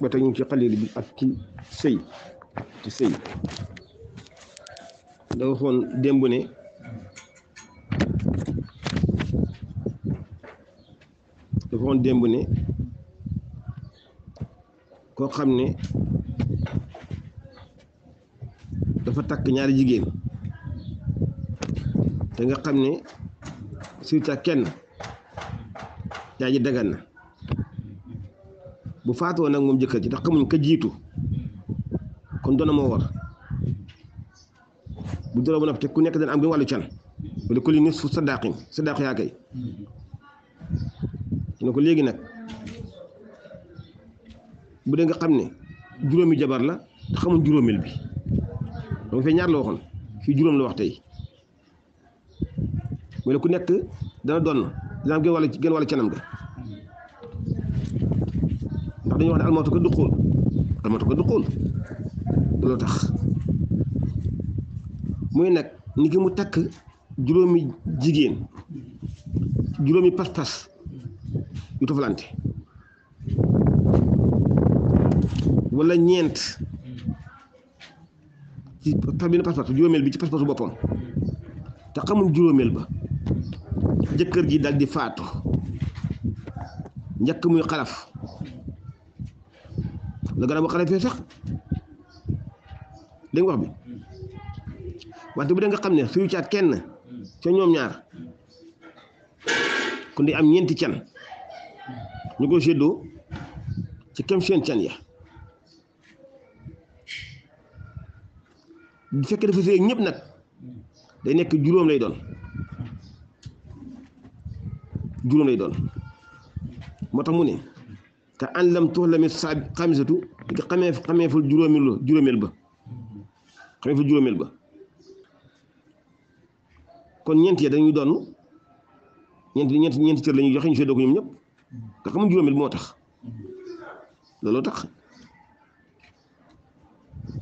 ba tey ngi ci xalil bi ak ci sëy ci sëy da waxoon démb ne da waxoon démb ne koo xam ne dafa takk ñaari jigéen te nga xam ne surtout kenn daa ji dagan na bu faatoo nag moom jëkkër ji ndax xamuñ ka jiitu kon doona moo war bu doona ba noppi te ku nekk dana am gën wàllu can wala ku li nisfu sadaqin léegi nag bu dee nga xam ne juróomi jabar la te xamuñ juróomeel bi dama fee ñaar la waxoon fii juróom la wax tey wala ku nekk dana doon dana am gën wàllu gën wàllu canam ga dañuy wax ni almatu ko dukhul almatu ko dukhul lo tax muy nag niki mu tak juromi jigen juromi pas-pas yu tofalante wala ñent ci par benn pas-pas bi ci pas-pasu boppam te xamul juromel ba jëkkër ji dal di faatu ñak muy xalaf la garabu xale fee sax dégg wax bi wante bu dee nga xam ne suy caat kenn ca ñoom ñaar kon di am ñeenti can ñu ko séddoo ci kem seen can ya bu fekkee dafa séy ñépp nag day nekk juróom lay doon juróom lay doon moo tax mu ne تان لم تهلم الصعب قمزته قمي في قمي في الجروم له جروم الب قمي في الجروم الب كون ينتي دا نيو دونو ينتي ينتي ينتي تير لا نيو جوخي نيو دوك نيب دا خم جروم الب موتاخ لا لو تاخ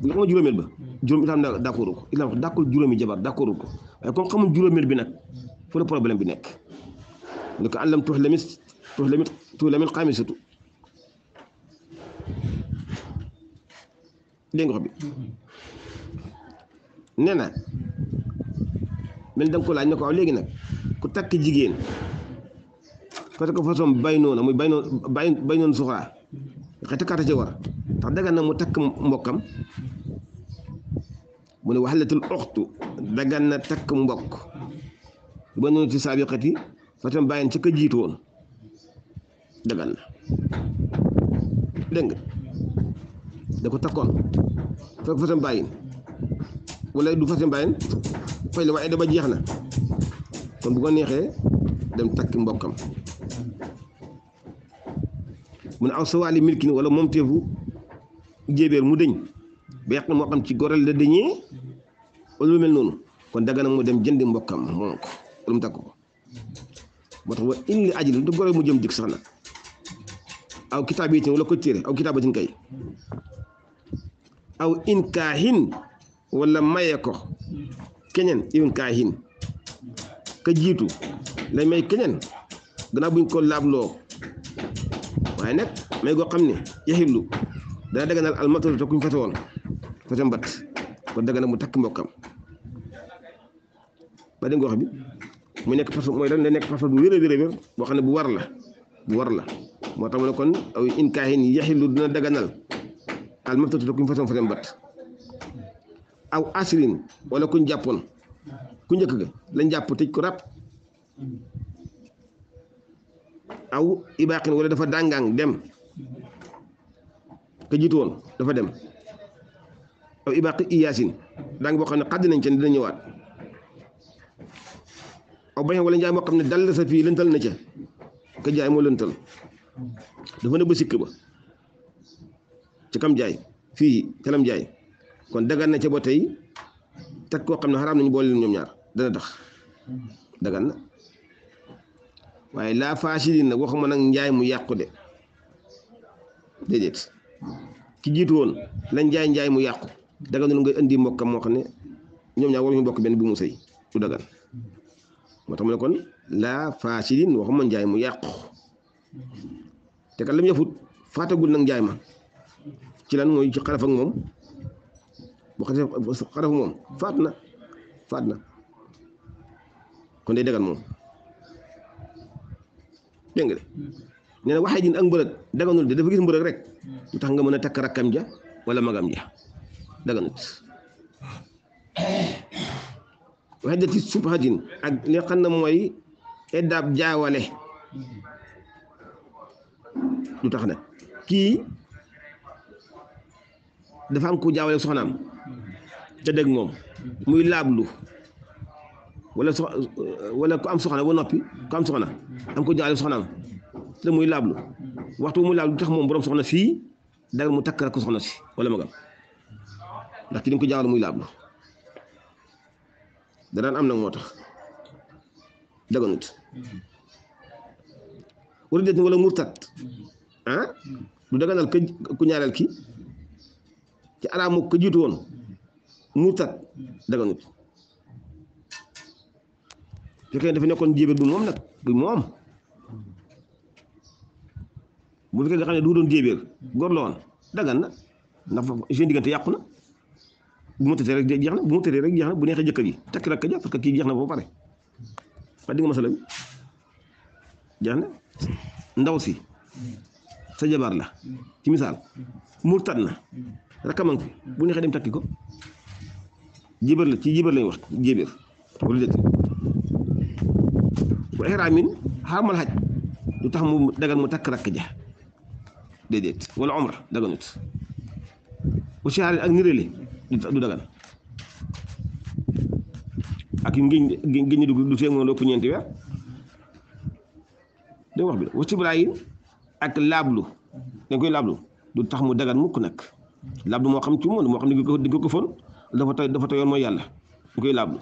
لا خم جروم الب جروم الا داكورو الا داكو جرومي جبار داكورو كون خم جروم الب نك فو لو بروبليم بي نك لو كان لم تهلم تهلم تهلم القمزته dégg nga ko bi nee na mel da nga ko laaj ne ko waaw léegi nag ku takk jigéen parce que façon bay noonu muy bay noonu bay bay noonu suxaa xëy takkaata ci war ndax dagan na mu takk mbokkam mu ne waxalatul oxtu dagan na takk mbokk ba noonu ci saabiqati façon bàyyen ci ka jiitoon dagan na dégg nga da ko takkoon fekk fasam bàyyin wala du fasam bàyyin fay la waaye da ba jeex na kon bu ko neexee dem takki mbokkam mu ne aw sawaali milkin wala moom teefu jéebéer mu dëñ ba yàq moo xam ci goreel la dëñee wala mel noonu kon daga na mu dem jënd mbokkam moom ko mu moo tax wa in li ajli du goreel mu jëm dikk sax nag aw kitaab yi wala ko aw kitaabatin kay aw inkaahin wala maye ko keneen inkaahin ka jiitu lay may keneen gannaaw buñ ko laabloo waaye nag may goo xam ne yaxillu dana daganal almatul te kuñ fete woon fete mbat kon dagana mu takk mbokkam ba dégg nga bi mu nekk passeport mooy lan la nekk passeport bu wér a wér boo xam ne bu war la bu war la moo tax mu ne kon aw inkaahin yaxillu dina daganal almaftatu te kuñ façon façon bat aw asirin wala kuñ jàppoon ku njëkk la lañ jàpp tëj ko ràpp aw ibaqin wala dafa dàngaang dem ka woon dafa dem aw ibaqi iyaasin dang boo xam ne xadd nañ ca dina ñëwaat aw bañ wala njaay moo xam ne dal sa fii lëntal na ca ka moo lëntal dafa nëbb sikk ba ci kam jaay fii kalam jaay kon dagan na ca ba tey teg koo xam ne xaraam nañu boole ñoom ñaar dana tax dagan na waaye laa faasidiin nag waxuma nag njaay mu yàqu de déedéet ki jiitu woon la njaay njaay mu yàqu daganul nga indi mbokkam moo xam ne ñoom ñaar waruñu bokk benn bu mu sëy du dagan moo tax mu ne kon laa faasidiin waxuma njaay mu yàqu te kat la mu yafut faatagul nag njaay ma ci lan mooy ci xaraf moom bu xasee xaraf moom faat na faat na kon day dagan moom dégg nga de nee na waxee din ak mbërëg daganul de dafa gis mbërëg rek lu tax nga mën a takk rakkam ja walla magam ja daganut waxee dati subhatin ak li xam na mooy eddaab jaawale lu tax na kii dafa am ku jaawale soxnaam te dëgg moom muy laablu wala sox wala ku am soxna ba noppi ku am soxna am ko jaawale soxnaam te muy laablu waxtu muy laablu tax moom borom soxna fii dara mu takk rakk si wala magam ndax ki ko jaawale muy laablu danaan am nag moo tax murtat ah du daganal ku ñaareel ki ci alamu ko mutat daga nit daganut fekkee dafa nekkon jibe du mom nak, bu mom bu fi nga xamne du doon jibe gor la woon dagan na ndax seen diggante yàqu na bu murtatee rek jeex na bu murtatee rek jeex na bu nexe jëkkër ji tak rek ja ak ki jeex na pare fa di nga masala bi jeex na ndaw si sa jabar la ci misal murtad na rakkam ngi fi bu neexee dem takki ko jibar la ci jibar lay wax jébéer wala dëkk mu dagan mu takk rakk ja déedéet wala omra daganut bu siyaare ak nirale du dagan ak yu ngéñ ngéñ du tee moom lopp ñeenti weer day wax bi wa sibraayin ak laablu dañ koy lablu du tax mu dagan mukk nag labdu moo xam ci moom moo xam ne dañ ko këfoon dafa tey dafa teyoon mooy yàlla bu koy labdu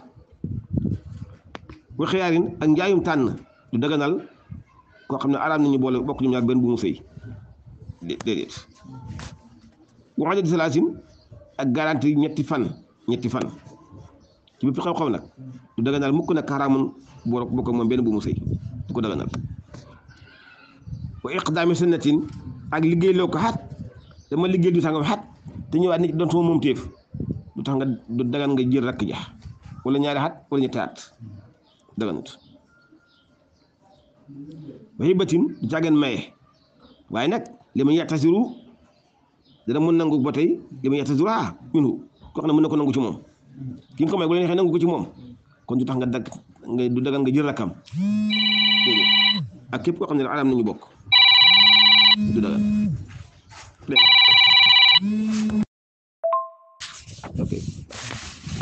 wa xiyaarin ak njaayum tànn du daganal koo xam ne araam nañu boole bokk ñu ñaar benn bu mu sëy ak garanti ñetti fan ñetti fan ci bépp xew-xew nag du daganal mukk nag xaraamun boo bokk moom benn bu mu sëy du ko daganal wa iqdaami sunnatin ak liggéey loo ko xat dama liggéey du sàngam xat te ñëwaat moom téef du tax nga du dagan nga jël rakk ja wala ñaari xat wala ñetti batin du càggeen maye waaye nag li ma yattasiru dana mun nangu ba tey li ma yattasiru ah minhu ko xam ne mën na ko nangu ci moom ki ko may bu la neexee nangu ko ci moom kon du tax nga dag du dagan nga jël rakkam ak képp koo xam ne alam nañu bokk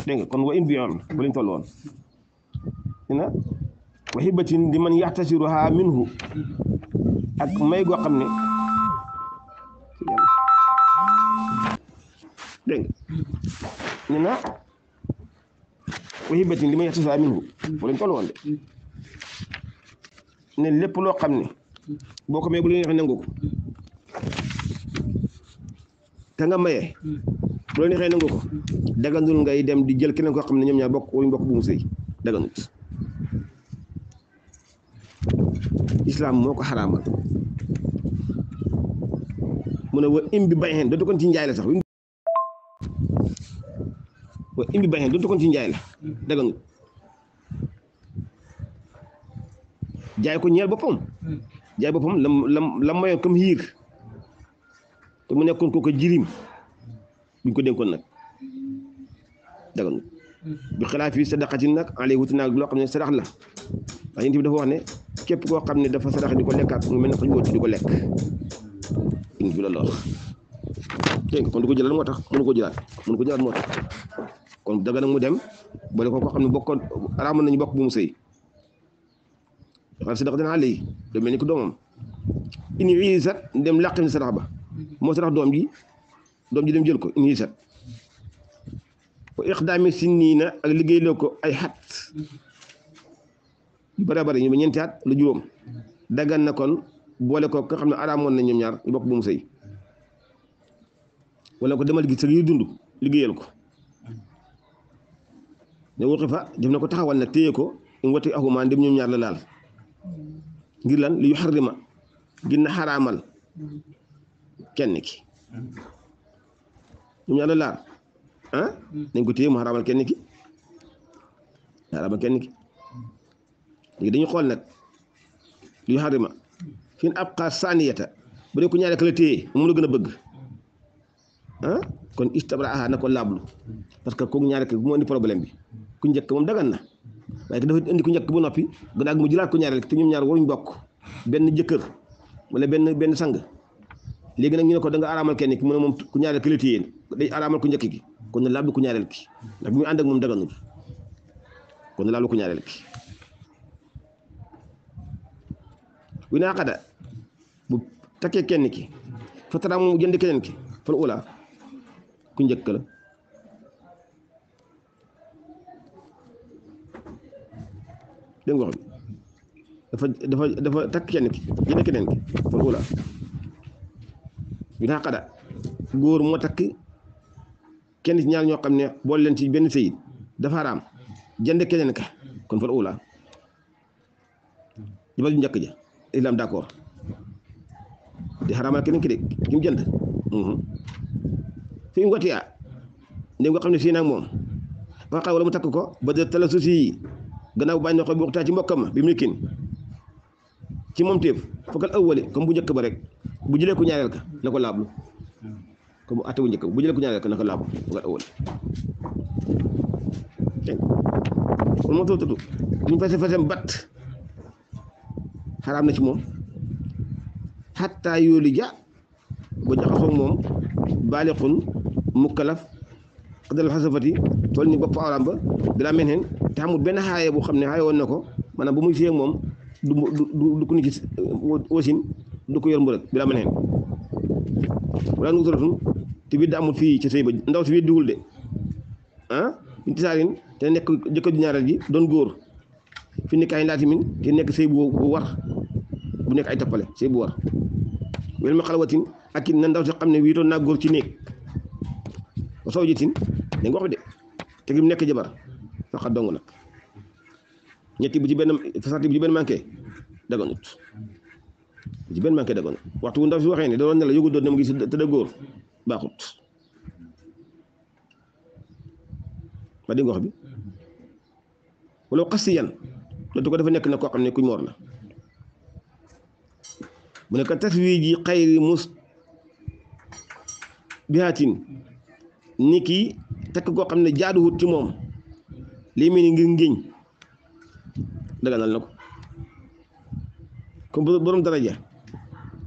dégg ok kon wa in biyoon ba woon dina wa hibatin di man yaxtasiruha minhu ak may goo xam ne dégg nga nee na wa hibatin li man yaxtasiruha minhu ba lañ toll woon de ne lépp loo xam ne boo ko may bu la neex nangu ko ka nga maye bu mm. la neexee nangu ko mm. daganul ngay dem di jël keneen koo xam ne ñoom ñaar bokk wuñ bokk bu mu sëy daganut islam moo ko xaraamal mu ne wa im bi bañeen dootu kon ci njaay la sax wa im bi ci njaay la mm. jaay ko ñeel boppam jaay boppam lam lam lam mayoon comme xiir te mu nekkoon kooku jirim buñ ko dénkoon nag daganul bi xalaat fii sadaqatin nag alay wuti naag xam ne sarax la ndax yéen bi dafa wax ne képp koo xam ne dafa sarax di ko lekkaat mu mel ne ko wóotu di ko lekk yéen bi loolu wax du ko jëlaat moo tax mënu ko jëlaat mënu ko jëlaat moo tax kon daga nag mu dem boole ko koo xam ne bokkoon araamoon nañu bokk bu mu sëy xalaat sadaqatin alay da mel ni ko doomam ini dem làqim sarax ba moo tax doom ji doom ji dem jël ko indi set wa iqdaami sinniina ak liggéey loo ko ay xat yu bare bare ñu ba ñeenti at lu juróom daggan na kon boole ko nga xam ne araamoon na ñoom ñaar ñu bokk bu mu sëy wala ko demal gi sa liy dund liggéeyal ko ne wuqi fa def na ko taxawal na téye ko im wati ahumaa ndim ñoom ñaar la laal ngir lan li yu xarrima gën na xaraamal kenn ki ñoom ñaar la laal ah nañ ko téye mu xaraamal kenn ki xaraamal kenn ki léegi dañu xool nag lu xarima fi ab xaar saaniyata bu dee ku ñaareel ka la téye moom gën a bëgg ah kon istabra aha na ko laablu parce que kooku ñaareel ka indi problème bi ku njëkk moom dagan na waaye ki dafa indi ku njëkk bu noppi gannaaw mu jëlaat ko ñaareel te ñoom ñaar waruñ bokk benn jëkkër wala benn benn sang. léegi na ñu ne ko da nga araamal kenn ki mu ne moom ku ñaareel ki day araamal ku njëkk ki kon na laab bi ku ñaareel ki ndax bi muy ànd ak moom daganul kon na laab ku ñaareel ki wi naa xada bu takkee kenn ki fa tara moom jënd keneen ki fal ula ku njëkk la dégg dafa dafa dafa takk kenn ki jënd keneen ki fal ula bi naa xada góor moo takk kenn ñaar ñoo xam ne bool leen ci benn sëy dafa araam jënd keneen ka kon fal ula jabar ju njëkk ja islam d'accord di xaraamal keneen ki de ki mu mhm. nga xam ne sii naag moom waxaa wala mu takk ko ba de tala suuf si gannaaw bàyyi na ko bi waxtaan ci moom téef fokkal awwali comme bu njëkk ba rek bu jëlee ko ñaareel ka na ko laablu comme atte bu jëlee ku ñaareel ka na ko laablu nga awal fase fasem bat xaraam na ci moom xataa yoolu ja ba jaxasoo moom baalixun mukkalaf xadal xasafati tool ni bopp awraam ba dara mel hen te benn xaaye bu xam ne xaaye woon na ko maanaam bu muy séeg moom du du du ni ci wasin ndukk yor mbërëg bi daa neen walaa ndugu sorotun te biir da amul fii ci sëy ba ndaw si biir dugul de ah binti saarin te nekk jëkkër ju ñaareel ji doon góor fi nekk ay nekk sëy bu war nekk ay tappale sëy bu war welu ma xalawatin ak it na ndaw si xam ne wiitoon naa góor ci néeg ba soo jitin dañ wax bi de te gi mu nekk jabar faxa dong nag ñetti bu ci benn fasaati bu ci benn manqué daganut ci waxtu wu ndaw fi waxee ne da doon ne la yëgu mu ngi si tëdd góor baaxut ba dégg wax bi wala xas si yan dootu ko dafa nekk na koo xam ne kuñ moor la mu nekk taswiji xayri mus bihaatin ni kii takk koo xam ne jaaduwut ci moom lii mel ni ngir ngiñ daganal na ko ko borom dara ja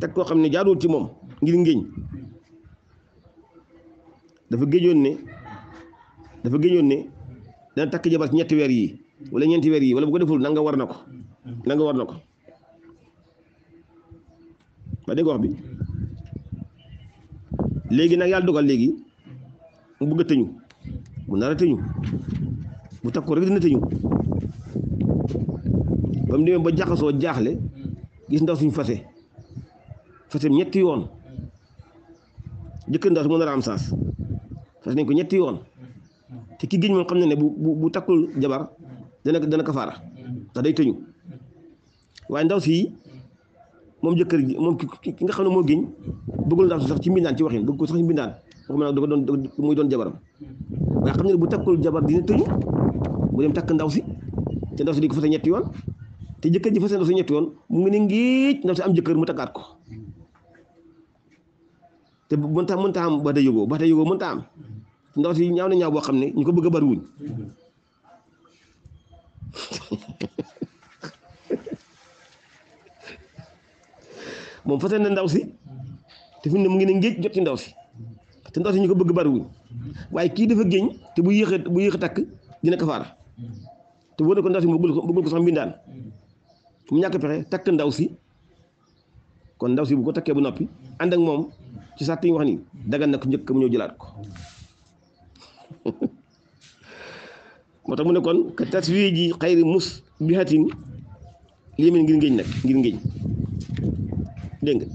tek ko ne jaadul ci mom ngir ngéñ dafa géejoon ne dafa géejoon ne da tak jabar ñetti wer yi wala ñenti wer yi wala bu ko deful nanga war na nanga war na ba de gox bi legi nak yalla dugal legi mu bëgg teñu mu nara teñu mu takko rek dina teñu bam ba jaxaso gis ndaw suñu fase fase ñetti yoon jëkkër ndaw su mën a am saas fase nañ ko ñetti yoon te ki giñ moom xam ne ne bu bu takkul jabar dana dana kafaara ndax day tëñu ndaw si moom jëkkër ji nga xam ne moo giñ bëggul ndaw sax ci mbindaan ci waxin bëgg ko sax ci mbindaan doon muy doon takkul jabar dina tëñu bu dem takk ndaw si te ndaw si di ko fase ñetti yoon te jëkkër ji fasal ko sa ñetti yoon mu ngi ni ngiic ndaw am jëkkër mu tagat ko te mënta mënta am ba tey yugo ba tey yóbboo mënta am ndax si ñaaw na ñaaw bo xam ne ñu ko bëgg bar wuñ moom fasal na ndaw si te fi mu ngi ne jot ci ndaw si te ndaw si ñu ko bëgg bar wuñ waye ki dafa geñ te bu yéex bu yéex tak dina kafaara te wóor ko ndax si bëggul ko sax mbindaan fu mu ñàkk pexe takk ndaw si kon ndaw si bu ko takkee bu noppi ànd ak moom ci sàtt yi wax ni dagan na ko njëkk mu ñëw jëlaat ko moo tax mu ne kon ka taswii ji xayri mus bihatin limin ngir ngéñ nag ngir ngéñ dégg nga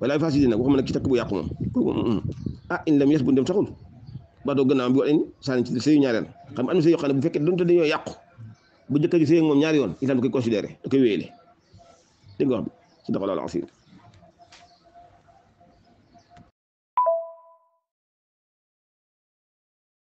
wala fas yi di nag waxuma nag ci takk bu yàqu moom kooku ah in lam bu dem taxul ba doo gannaaw bi wax en sànni ci sëyu ñaareel xam am na sëy yoo xam ne bu fekkee donte dañoo yàqu bu jëkkër ji sëy moom ñaari yoon islam da koy considéré da koy wéyale dégg nga wax bi si dafa loolu asir